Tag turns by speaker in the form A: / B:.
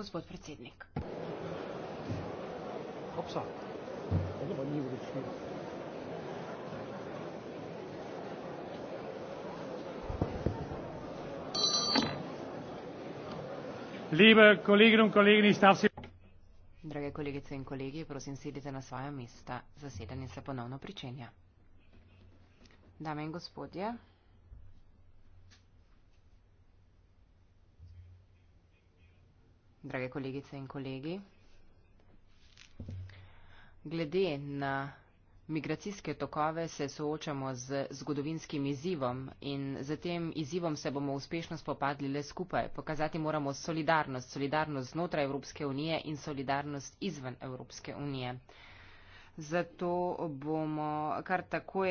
A: gospod predsednik. Opsa. Liebe Kolleginnen und Kollegen, ich darf Sie.
B: Drage kolegice in kolegi, prosim, sedite na svoja mesta. Zasedanje se ponovno pričenja. Dame in gospodje, drage kolegice in kolegi. Glede na migracijske tokove se soočamo z zgodovinskim izzivom in z tem izzivom se bomo uspešno spopadli le skupaj. Pokazati moramo solidarnost, solidarnost znotraj Evropske unije in solidarnost izven Evropske unije. Zato bomo kar takoj.